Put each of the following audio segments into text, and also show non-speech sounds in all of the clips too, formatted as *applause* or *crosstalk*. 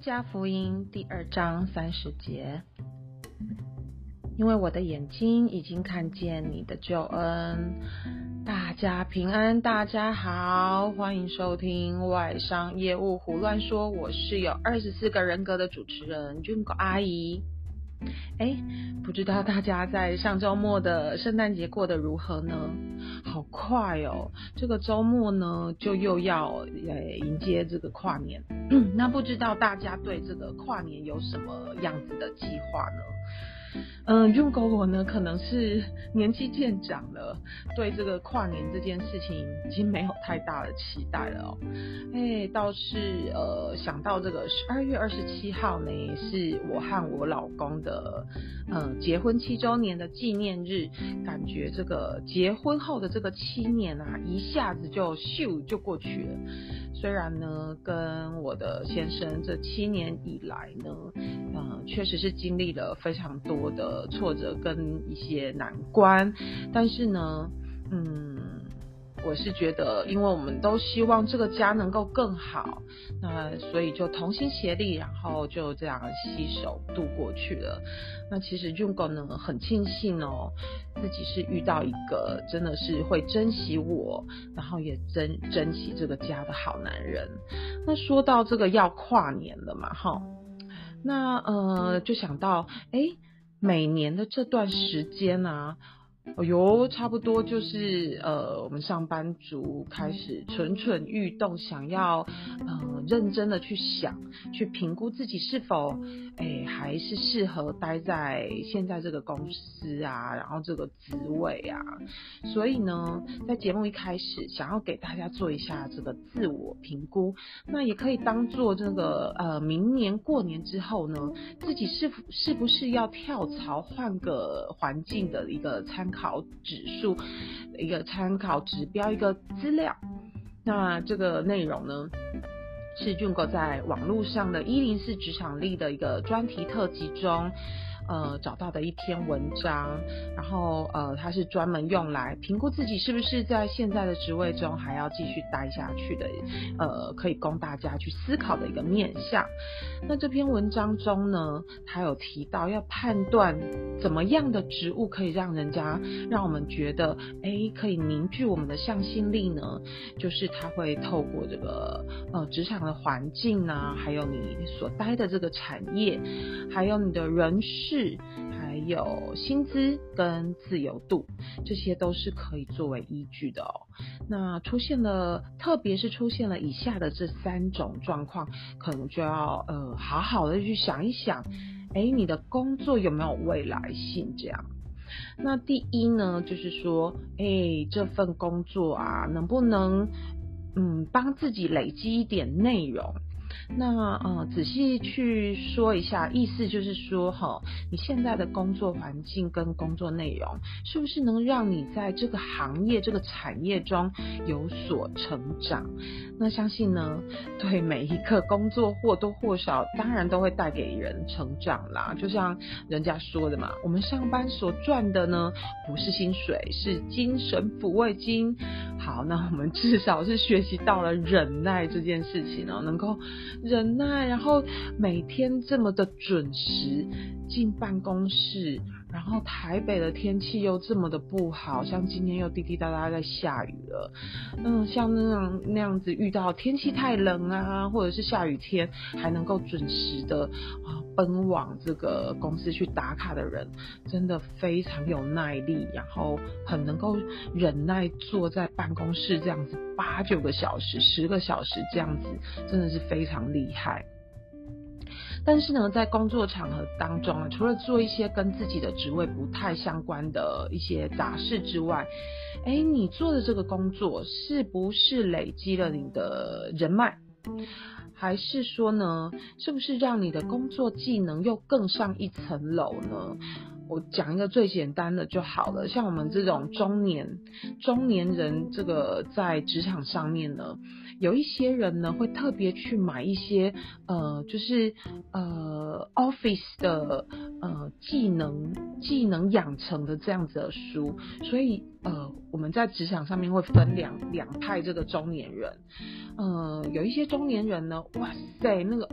加福音第二章三十節，因為我的眼睛已經看見你的救恩。大家平安，大家好，歡迎收聽外商業務胡亂說。我是有二十四個人格的主持人，Junko 阿姨。哎、欸，不知道大家在上週末的聖誕節過得如何呢？好快哦，這個週末呢，就又要呃迎接這個跨年。 *coughs* 那不知道大家對這個跨年有什麼樣子的計劃呢？嗯，用狗我呢，可能是年紀漸長了，對這個跨年這件事情已經沒有太大的期待了哦、喔。哎、欸，倒是呃想到這個十二月二十七號呢，是我和我老公的嗯、呃、結婚七周年的紀念日，感覺這個結婚後的這個七年啊，一下子就咻就過去了。雖然呢，跟我的先生這七年以來呢，嗯、呃，確實是經歷了非常多的。挫折跟一些難關，但是呢，嗯，我是覺得，因為我們都希望這個家能夠更好，那所以就同心協力，然後就這樣攜手度過去了。那其實 Junko 呢，很慶幸哦、喔，自己是遇到一個真的是會珍惜我，然後也珍珍惜這個家的好男人。那說到這個要跨年了嘛，哈，那呃，就想到，哎、欸。每年的這段時間啊。哦喲，差不多就是呃，我們上班族開始蠢蠢欲動，想要嗯、呃、認真的去想，去評估自己是否哎、欸、還是適合待在現在這個公司啊，然後這個職位啊，所以呢，在節目一開始，想要給大家做一下這個自我評估，那也可以當做這個呃明年過年之後呢，自己是是不是要跳槽換個環境的一個參。考指數，一個參考指標，一個資料，那這個內容呢，是建構在網絡上的一零四職場力的一個專題特輯中。呃，找到的一篇文章，然後呃，他是專門用來評估自己是不是在現在的職位中還要繼續待下去的，呃，可以供大家去思考的一個面向。那這篇文章中呢，他有提到要判斷怎麼樣的職務可以讓人家讓我們覺得，哎，可以凝聚我們的向心力呢？就是他會透過這個呃職場的環境啊，還有你所待的這個產業，還有你的人事。還有薪資跟自由度，這些都是可以作為依據的哦。那出現了，特別是出現了以下的這三種狀況，可能就要呃好好的去想一想，哎，你的工作有沒有未來性這樣。那第一呢，就是說，哎，這份工作啊，能不能嗯幫自己累積一點內容？那呃，仔細去說一下，意思就是說齁，你現在的工作環境跟工作內容，是不是能讓你在這個行業、這個產業中有所成長？那相信呢，對每一個工作或多或少，當然都會帶給人成長啦。就像人家說的嘛，我們上班所賺的呢，不是薪水，是精神撫慰金。好，那我們至少是學習到了忍耐這件事情哦，能夠。忍耐，然後每天這麼的準時進辦公室。然後台北的天氣又這麼的不好，像今天又滴滴答答在下雨了。嗯，像那樣那樣子遇到天氣太冷啊，或者是下雨天，還能夠準時的啊、呃、奔往這個公司去打卡的人，真的非常有耐力，然後很能夠忍耐坐在辦公室這樣子八九個小時、十個小時這樣子，真的是非常厲害。但是呢，在工作場合當中啊，除了做一些跟自己的職位不太相關的一些雜事之外，哎、欸，你做的這個工作是不是累積了你的人脈，還是說呢，是不是讓你的工作技能又更上一層樓呢？我講一個最簡單的就好了。像我們這種中年中年人，這個在職場上面呢，有一些人呢會特別去買一些呃，就是呃 office 的呃技能技能養成的這樣子的書。所以呃，我們在職場上面會分兩兩派這個中年人。呃，有一些中年人呢，哇塞，那個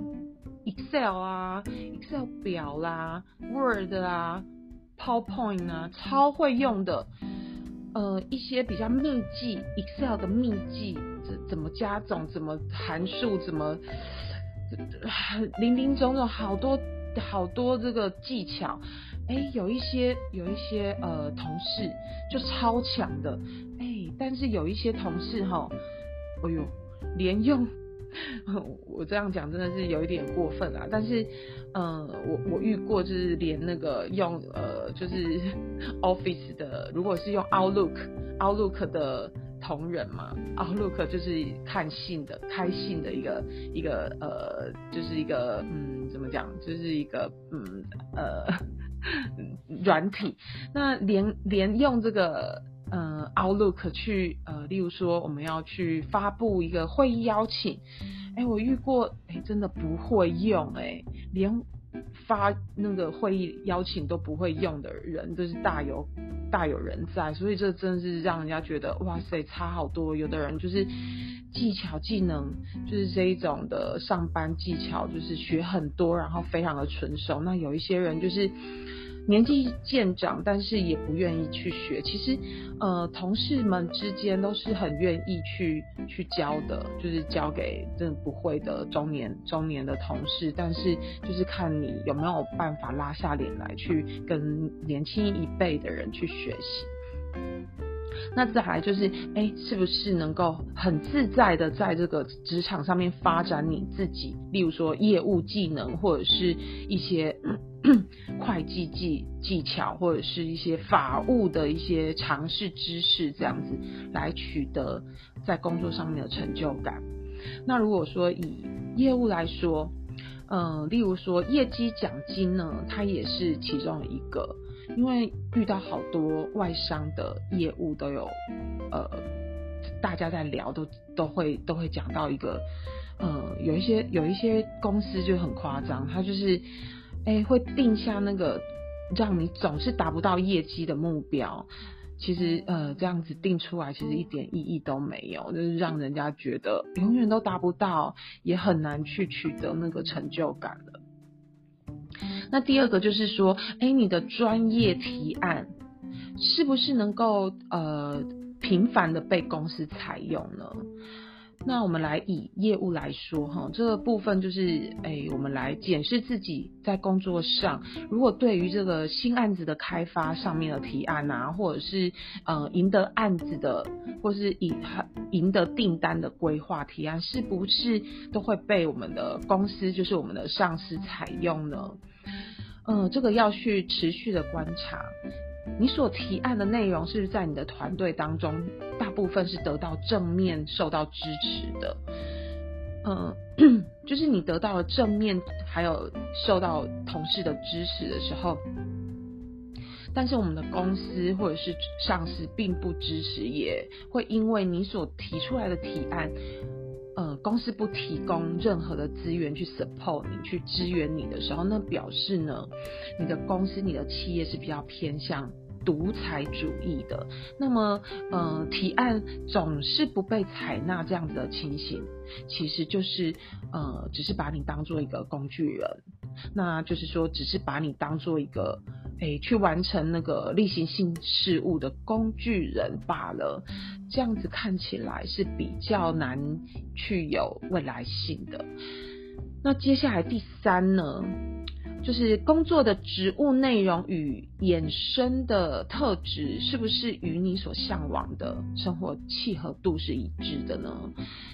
excel 啊，excel 表啦，word 啦。PowerPoint 呢、啊，超會用的，呃，一些比較秘技，Excel 的秘技，怎怎麼加總，怎麼函數，怎麼，林林總總好多好多這個技巧，哎、欸，有一些有一些呃同事就超強的，哎、欸，但是有一些同事哈，哎呦，連用。 *laughs* 我這樣講真的是有一點過分啊，但是，嗯、呃，我我遇過就是連那個用呃就是 Office 的，如果是用 Outlook，Outlook、嗯、Outlook 的同仁嘛，Outlook 就是看信的、開信的一個一個呃，就是一個嗯，怎麼講，就是一個嗯呃軟 *laughs* 體，那連連用這個。呃、嗯，Outlook 去呃，例如說我們要去發布一個會議邀請，哎、欸，我遇過，哎、欸，真的不會用欸，哎，連發那個會議邀請都不會用的人就是大有大有人在，所以這真是讓人家覺得，哇塞，差好多。有的人就是技巧、技能，就是這一種的上班技巧，就是學很多，然後非常的純熟。那有一些人就是。年紀漸長，但是也不願意去學。其實，呃，同事們之間都是很願意去去教的，就是教給真不會的中年中年的同事。但是，就是看你有沒有辦法拉下臉來去跟年輕一輩的人去學習。那再來就是，哎、欸，是不是能夠很自在的在這個職場上面發展你自己？例如說業務技能，或者是一些。嗯會計技技巧，或者是一些法務的一些常識知識，這樣子來取得在工作上面的成就感。那如果說以業務來說，呃，例如說業績獎金呢，它也是其中的一個。因為遇到好多外商的業務都有，呃，大家在聊都都會都會講到一個，嗯、呃，有一些有一些公司就很誇張，它就是。哎、欸，會定下那個讓你總是達不到業績的目標，其實呃，這樣子定出來其實一點意義都沒有，就是讓人家覺得永遠都達不到，也很難去取得那個成就感了。那第二個就是說，哎、欸，你的專業提案是不是能夠呃頻繁的被公司採用呢？那我們來以業務來說哈，這個部分就是，哎，我們來檢視自己在工作上，如果對於這個新案子的開發上面的提案啊，或者是，呃，贏得案子的，或是以贏得訂單的規劃提案，是不是都會被我們的公司，就是我們的上司採用呢？嗯，呃，這個要去持續的觀察，你所提案的內容是不是在你的團隊當中？大部分是得到正面受到支持的，嗯、呃，就是你得到了正面，還有受到同事的支持的時候，但是我們的公司或者是上司並不支持，也會因為你所提出來的提案，呃，公司不提供任何的資源去 support 你去支援你的時候，那表示呢，你的公司、你的企業是比較偏向。獨裁主義的，那麼，呃，提案總是不被採納這樣子的情形，其實就是，呃，只是把你當做一個工具人，那就是說，只是把你當做一個，欸，去完成那個例行性事務的工具人罷了。這樣子看起來是比較難去有未來性的。那接下來第三呢，就是工作的職務內容與。衍生的特質是不是與你所嚮往的生活契合度是一致的呢？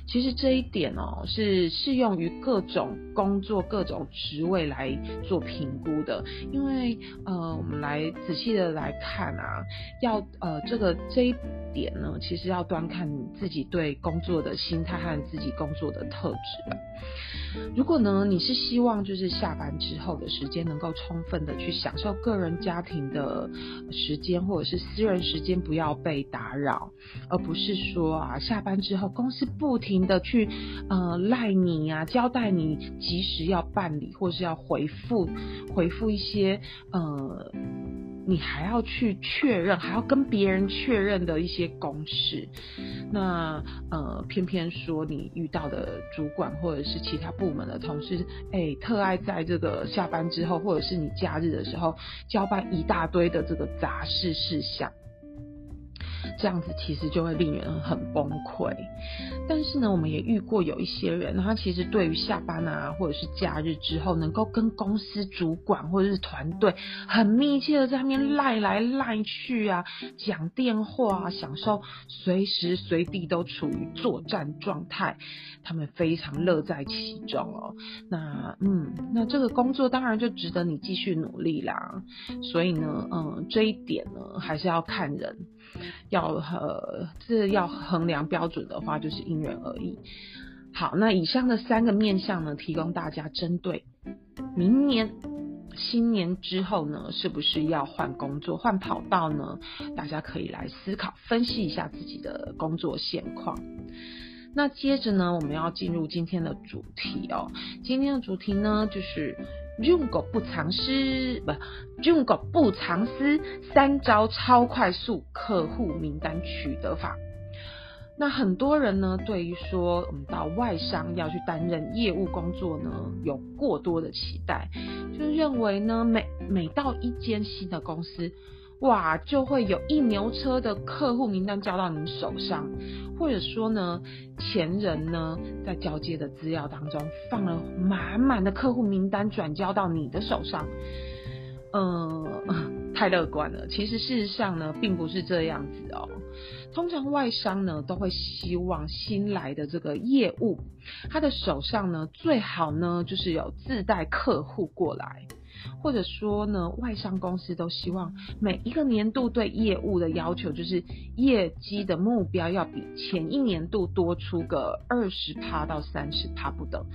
其實這一點哦，是適用於各種工作、各種職位來做評估的。因為呃，我們來仔細的來看啊，要呃，這個這一點呢，其實要端看你自己對工作的心態和自己工作的特質。如果呢，你是希望就是下班之後的時間能夠充分的去享受個人家庭、停的時間或者是私人時間不要被打擾，而不是說啊，下班之後公司不停的去呃賴你啊，交代你及時要辦理或是要回復回復一些呃。你還要去確認，還要跟別人確認的一些公事。那呃，偏偏說你遇到的主管或者是其他部門的同事，哎、欸，特愛在這個下班之後，或者是你假日的時候，交辦一大堆的這個雜事事項。這樣子其實就會令人很崩潰。但是呢，我們也遇過有一些人，他其實對於下班啊，或者是假日之後，能夠跟公司主管或者是團隊很密切的在那邊賴來賴去啊，講電話啊，享受隨時隨地都處於作戰狀態，他們非常樂在其中哦。那嗯，那這個工作當然就值得你繼續努力啦。所以呢，嗯，這一點呢，還是要看人。要、呃、這要衡量標準的話，就是因人而異。好，那以上的三個面向呢，提供大家針對明年、新年之後呢，是不是要換工作、換跑道呢？大家可以來思考、分析一下自己的工作現況。那接着呢，我們要進入今天的主題哦。今天的主題呢，就是。Junko 不藏私，不，Junko 不藏私，三招超快速客戶名單取得法。那很多人呢，對於說我們到外商要去擔任業務工作呢，有過多的期待，就是認為呢，每每到一間新的公司。哇，就會有一牛車的客戶名單交到你手上，或者說呢，前人呢在交接的資料當中放了滿滿的客戶名單，轉交到你的手上。嗯，太樂觀了，其實事實上呢，並不是這樣子哦。通常外商呢都會希望新來的這個業務，他的手上呢最好呢就是有自帶客戶過來。或者說呢，外商公司都希望每一個年度對業務的要求，就是業績的目標要比前一年度多出個二十趴到三十趴不等，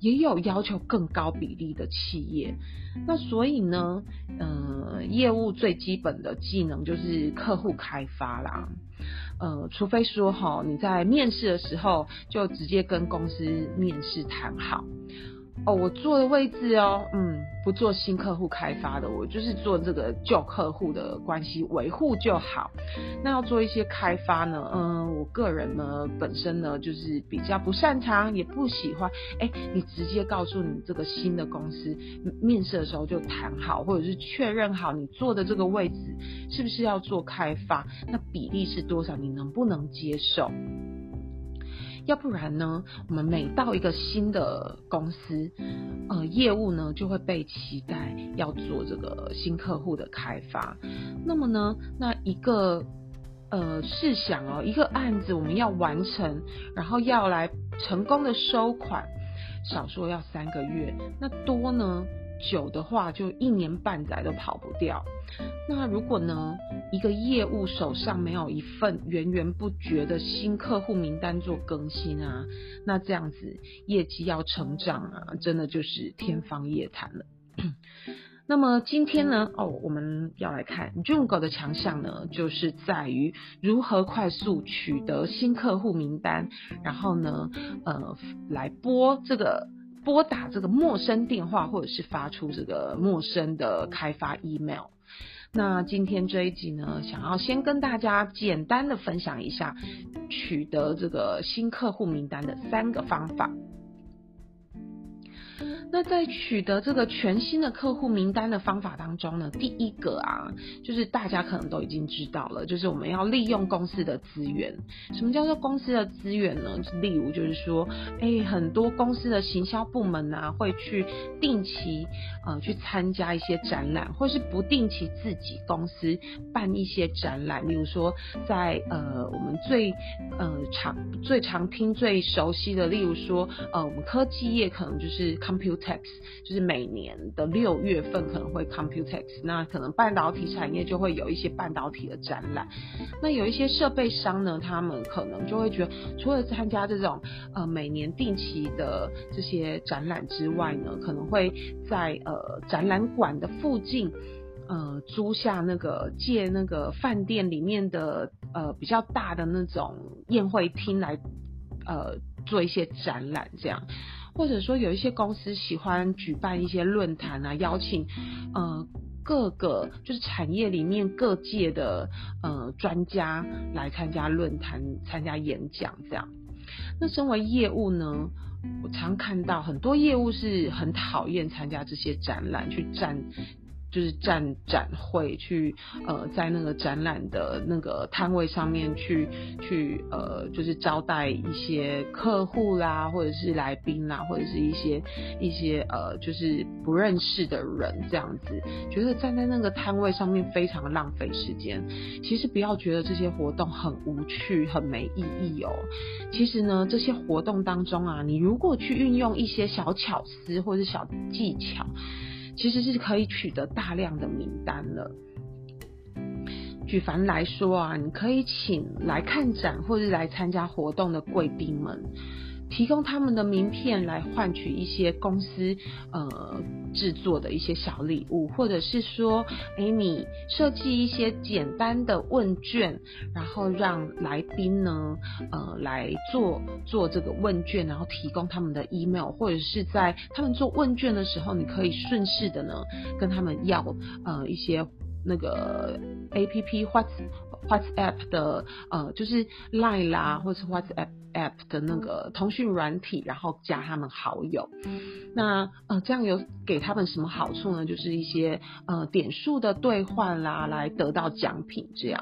也有要求更高比例的企業。那所以呢，嗯、呃，業務最基本的技能就是客戶開發啦，呃，除非說哈、哦，你在面試的時候就直接跟公司面試談好。哦，我做的位置哦，嗯，不做新客戶開發的，我就是做這個舊客戶的關係維護就好。那要做一些開發呢，嗯，我個人呢，本身呢就是比較不擅長，也不喜歡。哎，你直接告訴你這個新的公司面試的時候就談好，或者是確認好你做的這個位置是不是要做開發，那比例是多少，你能不能接受？要不然呢？我們每到一個新的公司，呃，業務呢就會被期待要做這個新客戶的開發。那麼呢，那一個，呃，試想哦、喔，一個案子我們要完成，然後要來成功的收款，少說要三個月，那多呢？久的話，就一年半載都跑不掉。那如果呢，一個業務手上沒有一份源源不絕的新客戶名單做更新啊，那這樣子業績要成長啊，真的就是天方夜譚了。 *coughs* 那麼今天呢，哦，我們要來看 Junko 的強項呢，就是在於如何快速取得新客戶名單，然後呢，呃，來播這個。撥打這個陌生電話，或者是發出這個陌生的開發 email，那今天這一集呢，想要先跟大家簡單的分享一下，取得這個新客戶名單的三個方法。那在取得這個全新的客戶名單的方法當中呢，第一個啊，就是大家可能都已經知道了，就是我們要利用公司的資源。什麼叫做公司的資源呢？例如就是說，哎、欸，很多公司的行銷部門啊，會去定期呃去參加一些展覽，或是不定期自己公司辦一些展覽。例如說在，在呃我們最呃常最常聽最熟悉的，例如說呃我們科技業可能就是 computer。Tex 就是每年的六月份可能會 Computex，那可能半導體產業就會有一些半導體的展覽。那有一些設備商呢，他們可能就會覺得，除了參加這種呃每年定期的這些展覽之外呢，可能會在呃展覽館的附近呃租下那個借那個飯店裡面的呃比較大的那種宴會廳來呃做一些展覽這樣。或者說有一些公司喜歡舉辦一些論壇啊，邀請，呃，各個就是產業裡面各界的呃專家來參加論壇、參加演講這樣。那身為業務呢，我常看到很多業務是很討厭參加這些展覽去站。就是站展會去，呃，在那個展覽的那個攤位上面去去，呃，就是招待一些客戶啦，或者是來賓啦，或者是一些一些呃，就是不認識的人這樣子，覺得站在那個攤位上面非常浪費時間。其實不要覺得這些活動很無趣、很沒意義哦。其實呢，這些活動當中啊，你如果去運用一些小巧思或者是小技巧，其實是可以取得大量的名單了。舉凡來說啊，你可以請來看展或是來參加活動的貴賓們，提供他們的名片來換取一些公司呃製作的一些小禮物，或者是說，誒、欸，你設計一些簡單的問卷，然後讓來賓呢呃來做做這個問卷，然後提供他們的 email，或者是在他們做問卷的時候，你可以順勢的呢跟他們要呃一些那個 app，whatsapp whatsapp 的呃就是 line 啦，或者是 whatsapp。app 的那個通訊軟體，然後加他們好友，那呃這樣有給他們什麼好處呢？就是一些呃點數的兌換啦，來得到獎品這樣，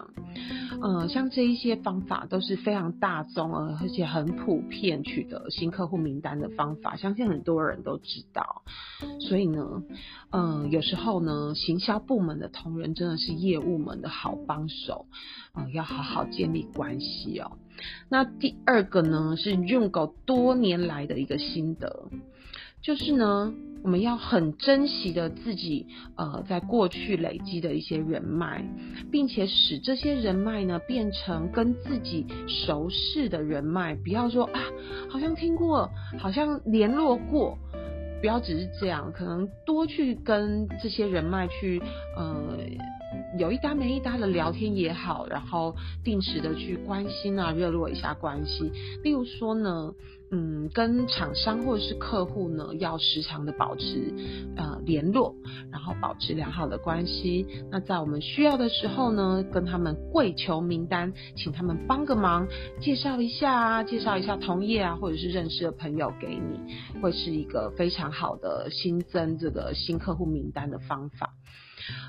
呃像這一些方法都是非常大眾而且很普遍取得新客戶名單的方法，相信很多人都知道，所以呢，嗯、呃，有時候呢，行銷部門的同仁真的是業務們的好幫手、呃，要好好建立關係哦、喔。那第二個呢，是 Junko 多年來的一個心得，就是呢，我們要很珍惜的自己呃，在過去累積的一些人脈，並且使這些人脈呢，變成跟自己熟識的人脈，不要說啊，好像聽過，好像聯絡過，不要只是這樣，可能多去跟這些人脈去呃。有一搭沒一搭的聊天也好，然後定時的去關心啊，熱絡一下關係。例如說呢，嗯，跟廠商或者是客戶呢，要時常的保持呃聯絡，然後保持良好的關係。那在我們需要的時候呢，跟他們跪求名單，請他們幫個忙，介紹一下啊，介紹一下同業啊，或者是認識的朋友給你，會是一個非常好的新增這個新客戶名單的方法。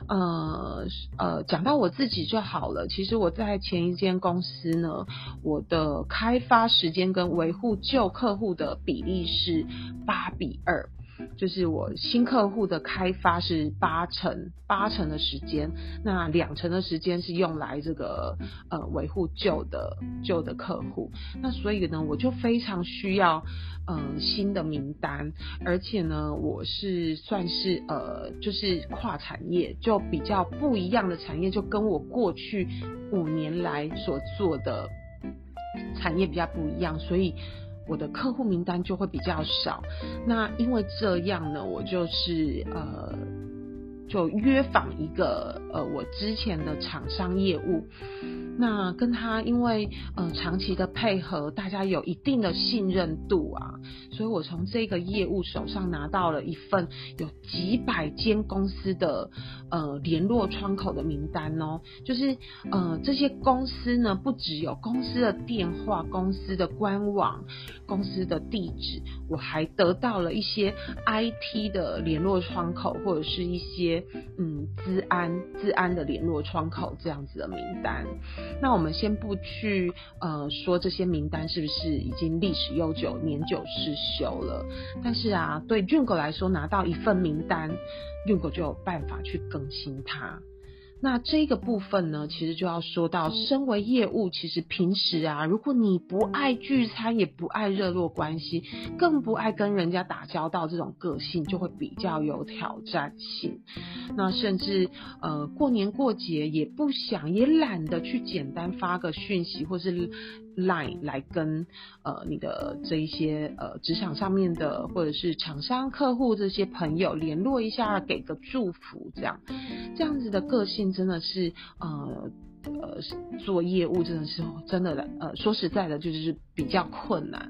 呃呃，講到我自己就好了。其實我在前一間公司呢，我的開發時間跟維護舊客戶的比例是八比二。就是我新客戶的開發是八成，八成的時間，那兩成的時間是用來這個呃維護舊的舊的客戶。那所以呢，我就非常需要嗯、呃、新的名單，而且呢，我是算是呃就是跨產業，就比較不一樣的產業，就跟我過去五年來所做的產業比較不一樣，所以。我的客戶名單就會比較少，那因為這樣呢，我就是呃。就約訪一個呃，我之前的廠商業務，那跟他因為呃長期的配合，大家有一定的信任度啊，所以我從這個業務手上拿到了一份有幾百間公司的呃聯絡窗口的名單哦、喔，就是呃這些公司呢，不只有公司的電話、公司的官網、公司的地址，我還得到了一些 IT 的聯絡窗口或者是一些。嗯，治安治安的聯絡窗口這樣子的名單，那我們先不去呃說這些名單是不是已經歷史悠久、年久失修了，但是啊，對 Junko 來說，拿到一份名單，Junko 就有辦法去更新它。那這個部分呢，其實就要說到，身為業務，其實平時啊，如果你不愛聚餐，也不愛熱絡關係，更不愛跟人家打交道，這種個性就會比較有挑戰性。那甚至呃，過年過節也不想，也懶得去簡單發個訊息，或是。Line 來跟，呃，你的這一些呃職場上面的或者是廠商客戶這些朋友聯絡一下，給個祝福，這樣，這樣子的個性真的是呃呃做業務真的是真的的呃說實在的，就是比較困難。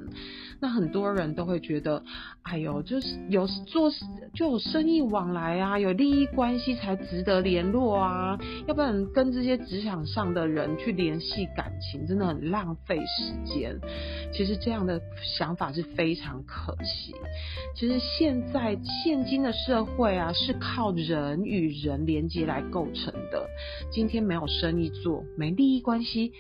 那很多人都會覺得，哎呦，就是有做事就有生意往來啊，有利益關係才值得聯絡啊，要不然跟這些職場上的人去聯繫感情，真的很浪費時間。其實這樣的想法是非常可惜。其實現在現今的社會啊，是靠人與人連接來構成的。今天沒有生意做，沒利益關係。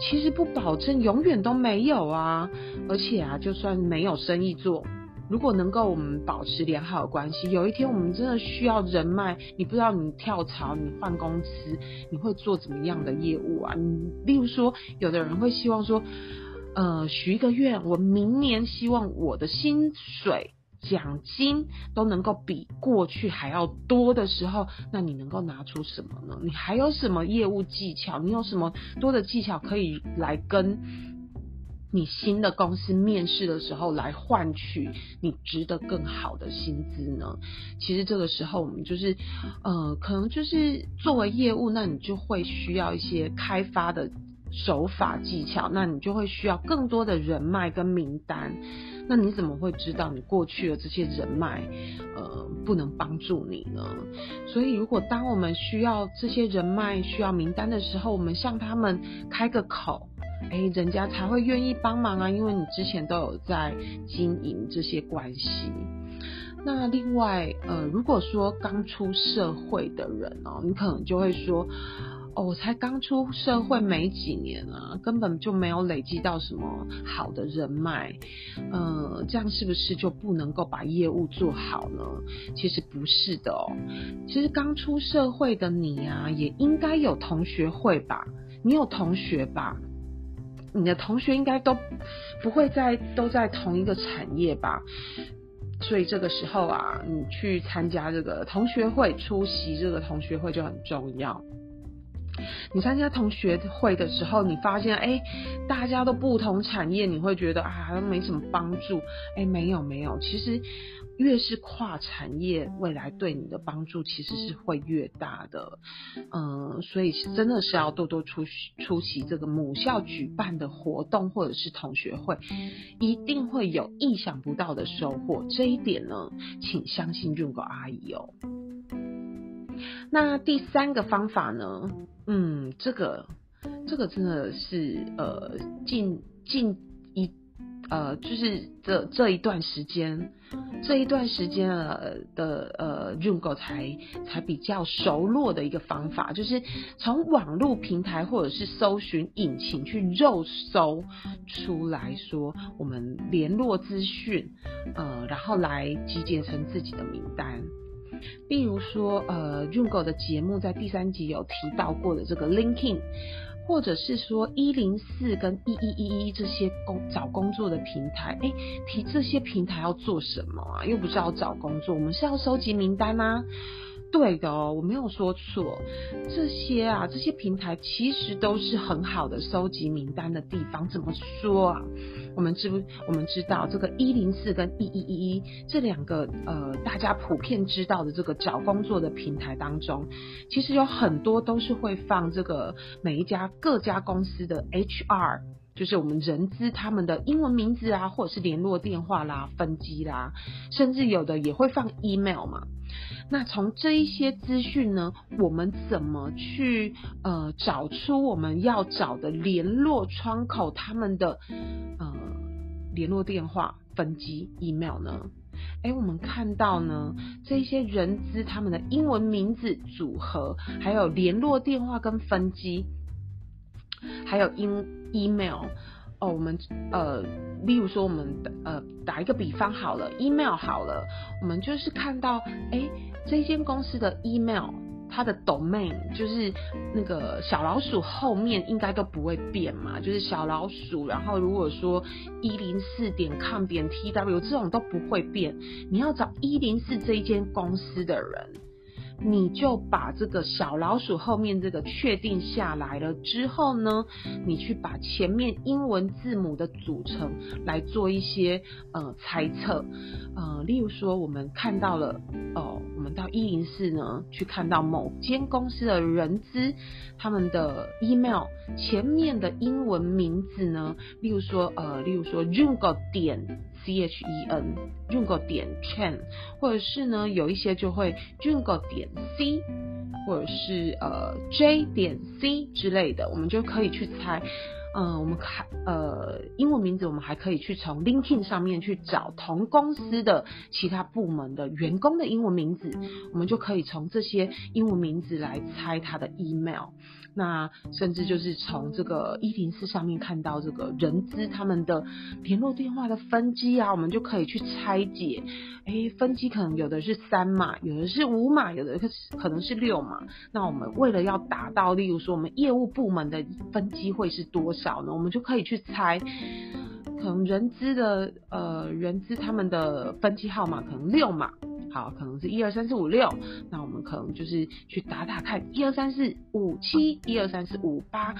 其實不保證永遠都沒有啊，而且啊，就算沒有生意做，如果能夠我們保持良好的關係，有一天我們真的需要人脈，你不知道你跳槽、你換公司，你會做怎麼樣的業務啊？你例如說，有的人會希望說，呃，許一個願，我明年希望我的薪水。獎金都能夠比過去還要多的時候，那你能夠拿出什麼呢？你還有什麼業務技巧？你有什麼多的技巧可以來跟你新的公司面試的時候來換取你值得更好的薪資呢？其實這個時候我們就是，呃，可能就是作為業務，那你就會需要一些開發的。手法技巧，那你就會需要更多的人脈跟名單。那你怎麼會知道你過去的這些人脈，呃，不能幫助你呢？所以，如果當我們需要這些人脈、需要名單的時候，我們向他們開個口，誒，人家才會願意幫忙啊。因為你之前都有在經營這些關係。那另外，呃，如果說剛出社會的人哦，你可能就會說。哦，我才剛出社會沒幾年啊，根本就沒有累積到什麼好的人脈，嗯、呃，這樣是不是就不能夠把業務做好呢？其實不是的哦，其實剛出社會的你啊，也應該有同學會吧？你有同學吧？你的同學應該都不會在都在同一個產業吧？所以這個時候啊，你去參加這個同學會，出席這個同學會就很重要。你參加同學會的時候，你發現誒、欸，大家都不同產業，你會覺得啊，還沒什麼幫助。哎、欸，沒有沒有，其實越是跨產業，未來對你的幫助其實是會越大的。嗯，所以真的是要多多出出席這個母校舉辦的活動或者是同學會，一定會有意想不到的收穫。這一點呢，請相信潤口阿姨哦、喔。那第三個方法呢，嗯，這個，這個真的是呃，近近一呃，就是這這一段時間，這一段時間呃的呃 Junko 才才比較熟絡的一個方法，就是從網絡平台或者是搜尋引擎去肉搜出來說，我們聯絡資訊，呃，然後來集結成自己的名單。例如說，呃用狗 n g 的節目在第三集有提到過的這個 l i n k i n g 或者是說一零四跟一一一一這些工找工作的平台，哎、欸，提這些平台要做什麼啊？又不是要找工作，我們是要收集名單嗎？對的哦，我沒有說錯。這些啊，這些平台其實都是很好的收集名單的地方。怎麼說啊？我們知不？我們知道這個一零四跟一一一一這兩個呃，大家普遍知道的這個找工作的平台當中，其實有很多都是會放這個每一家各家公司的 HR。就是我們人資他們的英文名字啊，或者是聯絡電話啦、分機啦，甚至有的也會放 email 嘛。那從這一些資訊呢，我們怎麼去呃找出我們要找的聯絡窗口他們的呃聯絡電話、分機、email 呢？誒，我們看到呢，這一些人資他們的英文名字組合，還有聯絡電話跟分機。還有 e email，哦，我們呃，例如說我們呃打一個比方好了，email 好了，我們就是看到，哎、欸，這間公司的 email 它的 domain 就是那個小老鼠後面應該都不會變嘛，就是小老鼠，然後如果說一零四點 com 點 tw 這種都不會變，你要找一零四這一間公司的人。你就把這個小老鼠後面這個確定下來了之後呢，你去把前面英文字母的組成來做一些呃猜測，呃，例如說我們看到了哦、呃，我們到一零四呢去看到某間公司的人資他們的 email 前面的英文名字呢，例如說呃，例如說 Junko 點。C H E N Junko 點 Chen，或者是呢，有一些就會 Junko 點 C，或者是呃 J 點 C 之類的，我們就可以去猜。呃，我們看，呃，英文名字我們還可以去從 LinkedIn 上面去找同公司的其他部門的員工的英文名字，我們就可以從這些英文名字來猜他的 email。那甚至就是從這個一零四上面看到這個人資他們的聯絡電話的分機啊，我們就可以去拆解。哎、欸，分機可能有的是三碼，有的是五碼，有的可能是六碼。那我們為了要達到，例如說我們業務部門的分機會是多少呢？我們就可以去猜，可能人資的呃人資他們的分機號碼可能六碼。好，可能是一二三四五六，那我們可能就是去打打看，一二三四五七，一二三四五八，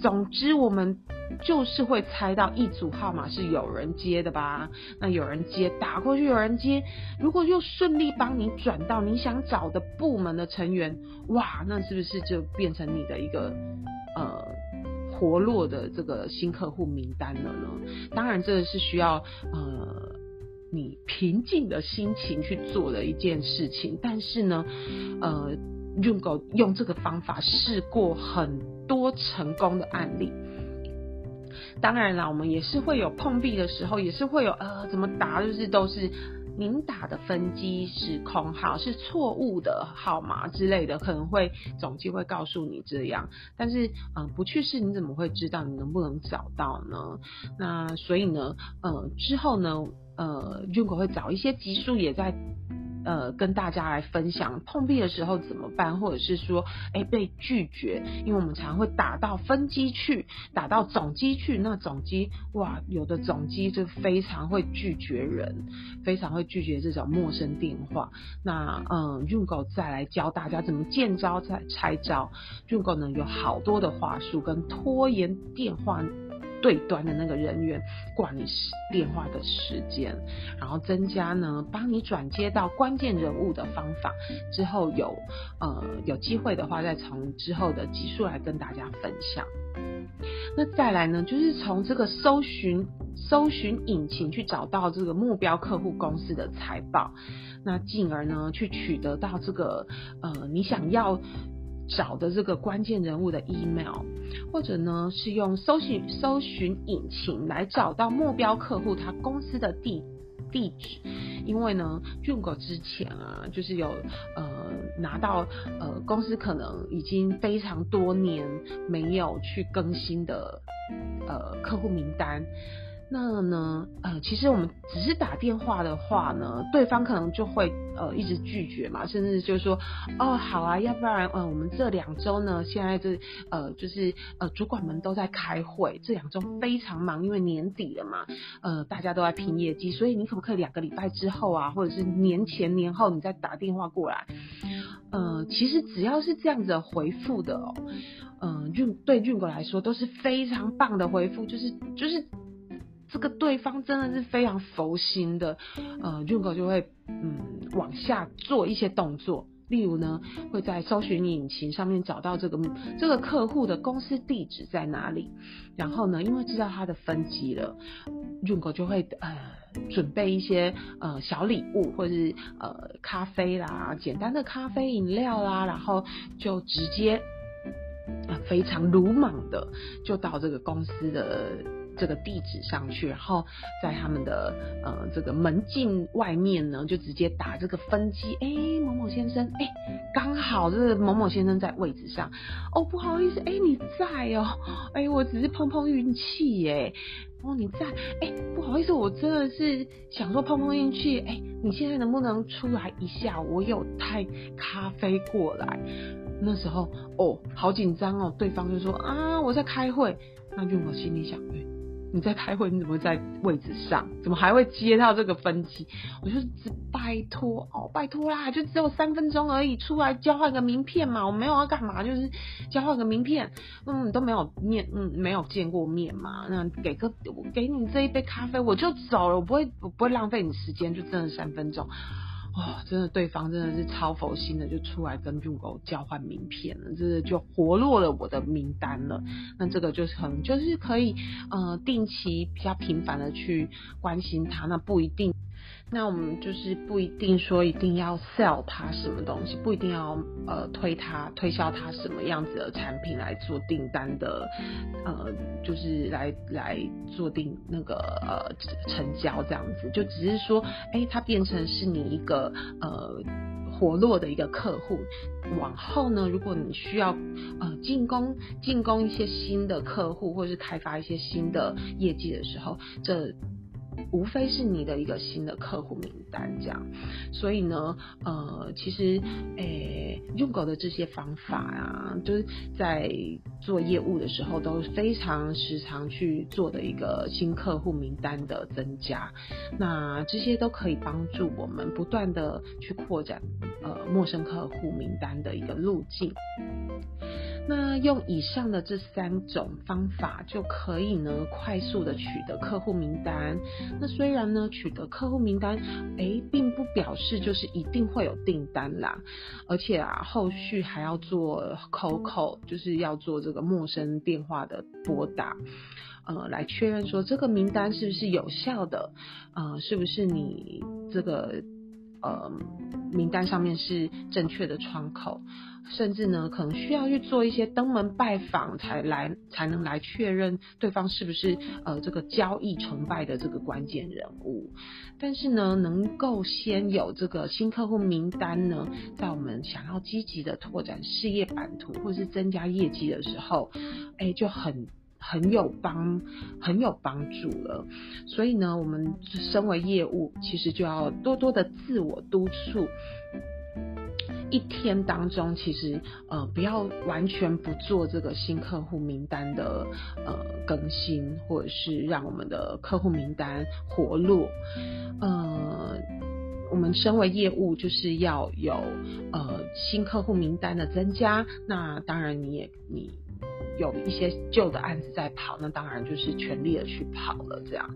總之我們就是會猜到一組號碼是有人接的吧？那有人接，打過去有人接，如果又順利幫你轉到你想找的部門的成員，哇，那是不是就變成你的一個呃活絡的這個新客戶名單了呢？當然，這個是需要嗯、呃你平靜的心情去做的一件事情，但是呢，呃，用狗用這個方法試過很多成功的案例。當然了，我們也是會有碰壁的時候，也是會有呃，怎麼打就是都是您打的分機是空號，是錯誤的號碼之類的，可能會總機會告訴你這樣。但是，嗯、呃，不去試你怎麼會知道你能不能找到呢？那所以呢，呃，之後呢？呃，Junko 會找一些集數也在，呃，跟大家來分享碰壁的時候怎麼辦，或者是說，哎、欸，被拒絕，因為我們常會打到分機去，打到總機去，那總機，哇，有的總機就非常會拒絕人，非常會拒絕這種陌生電話。那，嗯，Junko 再來教大家怎麼見招拆拆招，Junko 呢，有好多的話術跟拖延電話。對端的那個人員掛你電話的時間，然後增加呢，幫你轉接到關鍵人物的方法。之後，有呃有機會的話，再從之後的集數來跟大家分享。那再來呢，就是從這個搜尋搜尋引擎去找到這個目標客戶公司的財報，那進而呢去取得到這個呃你想要。找的這個關鍵人物的 email，或者呢是用搜尋搜尋引擎來找到目標客戶他公司的地地址。因為呢 Junko 之前啊，就是有呃拿到呃公司可能已經非常多年沒有去更新的呃客戶名單。那呢，呃，其實我們只是打電話的話呢，對方可能就會呃一直拒絕嘛，甚至就是說，哦，好啊，要不然呃，我們這兩週呢，現在這呃就是呃主管們都在開會，這兩週非常忙，因為年底了嘛，呃大家都在拼業績，所以你可不可以兩個禮拜之後啊，或者是年前年後你再打電話過來？呃，其實只要是這樣子的回復的，哦，嗯、呃，Junko，對 Junko 來說都是非常棒的回復，就是就是。這個對方真的是非常佛心的，呃 Junko 就會嗯往下做一些動作，例如呢會在搜尋引擎上面找到這個這個客戶的公司地址在哪裡，然後呢因為知道他的分機了 Junko 就會呃準備一些呃小禮物或者是呃咖啡啦，簡單的咖啡飲料啦，然後就直接、呃、非常魯莽的就到這個公司的。這個地址上去，然後在他們的呃這個門禁外面呢，就直接打這個分機。哎、欸，某某先生，哎、欸，剛好是某某先生在位置上。哦、喔，不好意思，哎、欸，你在哦、喔？哎、欸，我只是碰碰運氣、欸，哎。哦，你在？哎、欸，不好意思，我真的是想說碰碰運氣。哎、欸，你現在能不能出來一下？我有帶咖啡過來。那時候，哦、喔，好緊張哦。對方就說啊，我在開會。那就我心裡想，哎、欸。你在開會，你怎麼在位置上？怎麼還會接到這個分機？我就是只拜托哦，拜托啦，就只有三分鐘而已，出來交換個名片嘛，我沒有要幹嘛，就是交換個名片。嗯，都沒有面，嗯，沒有見過面嘛，那給個我給你這一杯咖啡，我就走了，我不會，我不會浪費你時間，就真的三分鐘。哇、哦，真的，對方真的是超佛心的，就出來跟 Junko 交換名片了，就是就活絡了我的名單了。那這個就是很，就是可以，呃，定期比較頻繁的去關心他，那不一定。那我們就是不一定說一定要 sell 他什麼東西，不一定要呃推他推銷他什麼樣子的產品來做訂單的，呃，就是來來做訂那個呃成交這樣子，就只是說，哎、欸，他變成是你一個呃活絡的一個客戶，往後呢，如果你需要呃進攻進攻一些新的客戶，或是開發一些新的業績的時候，這。無非是你的一個新的客戶名單這樣，所以呢，呃，其實，誒、欸，用過的這些方法啊，就是在做業務的時候都非常時常去做的一個新客戶名單的增加，那這些都可以幫助我們不斷的去擴展，呃，陌生客戶名單的一個路徑。那用以上的這三種方法就可以呢，快速的取得客戶名單。那雖然呢，取得客戶名單，哎、欸，並不表示就是一定會有訂單啦。而且啊，後續還要做 call call，就是要做這個陌生電話的撥打，呃，來確認說這個名單是不是有效的，呃，是不是你這個呃名單上面是正確的窗口。甚至呢，可能需要去做一些登門拜訪，才來才能來確認對方是不是呃這個交易成敗的這個關鍵人物。但是呢，能夠先有這個新客戶名單呢，在我們想要積極的拓展事業版圖或是增加業績的時候，哎、欸，就很很有幫很有幫助了。所以呢，我們身為業務，其實就要多多的自我督促。一天當中，其實呃不要完全不做這個新客戶名單的呃更新，或者是讓我們的客戶名單活絡。呃，我們身為業務，就是要有呃新客戶名單的增加。那當然你也你。有一些舊的案子在跑，那當然就是全力的去跑了。這樣，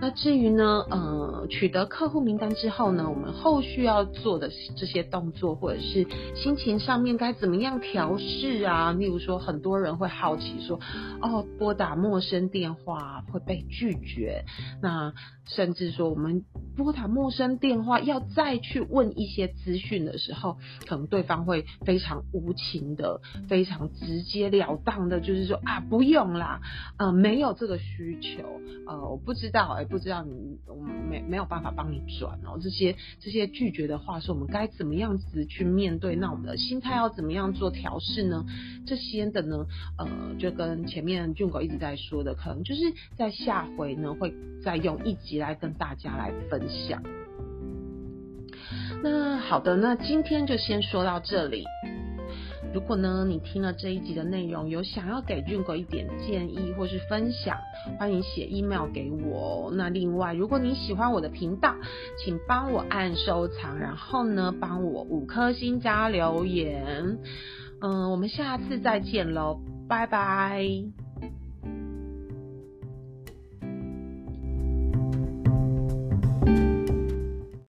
那至於呢，呃，取得客戶名單之後呢，我們後續要做的這些動作，或者是心情上面該怎麼樣調適啊？例如說，很多人會好奇說，哦，撥打陌生電話會被拒絕，那甚至說我們。撥打陌生電話要再去問一些資訊的時候，可能對方會非常無情的、非常直接了當的，就是說啊，不用啦，呃，沒有這個需求，呃，我不知道，哎，不知道你，我沒沒有辦法幫你轉哦。這些這些拒絕的話是我們該怎麼樣子去面對？那我們的心態要怎麼樣做調試呢？這些的呢，呃，就跟前面 Junko 一直在說的，可能就是在下回呢，會再用一集來跟大家來分。想。那好的，那今天就先說到這裡。如果呢，你聽了這一集的內容，有想要給 Junko 一點建議或是分享，歡迎寫 email 給我。那另外，如果你喜歡我的頻道，請幫我按收藏，然後呢，幫我五顆星加留言。嗯，我們下次再見嘍，拜拜。